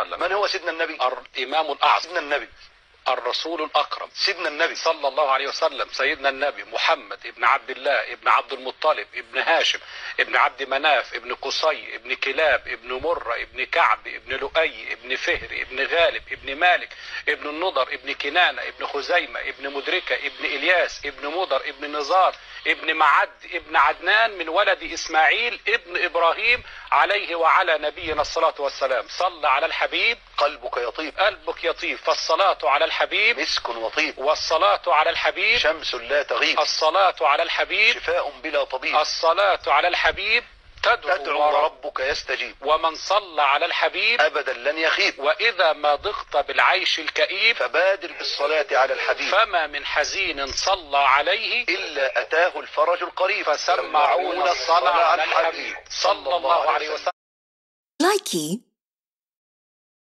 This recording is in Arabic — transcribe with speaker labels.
Speaker 1: من هو سيدنا النبي؟ الإمام الأعظم سيدنا النبي الرسول الأكرم سيدنا النبي صلى الله عليه وسلم سيدنا النبي محمد ابن عبد الله ابن عبد المطلب ابن هاشم ابن عبد مناف ابن قصي ابن كلاب ابن مرة ابن كعب ابن لؤي ابن فهر ابن غالب ابن مالك ابن النضر ابن كنانة ابن خزيمة ابن مدركة ابن إلياس ابن مضر ابن نزار ابن معد ابن عدنان من ولد إسماعيل ابن إبراهيم عليه وعلى نبينا الصلاة والسلام صلى على الحبيب قلبك يطيب قلبك يطيب فالصلاة على الحبيب مسك وطيب والصلاة على الحبيب شمس لا تغيب الصلاة على الحبيب شفاء بلا طبيب الصلاة على الحبيب تدعو, تدعو ربك يستجيب ومن صلى على الحبيب أبدا لن يخيب وإذا ما ضغط بالعيش الكئيب فبادر بالصلاة على الحبيب فما من حزين صلى عليه
Speaker 2: إلا أتاه الفرج القريب فسمعون الصلاة على الحبيب
Speaker 3: صلى الله عليه وسلم
Speaker 2: لايكي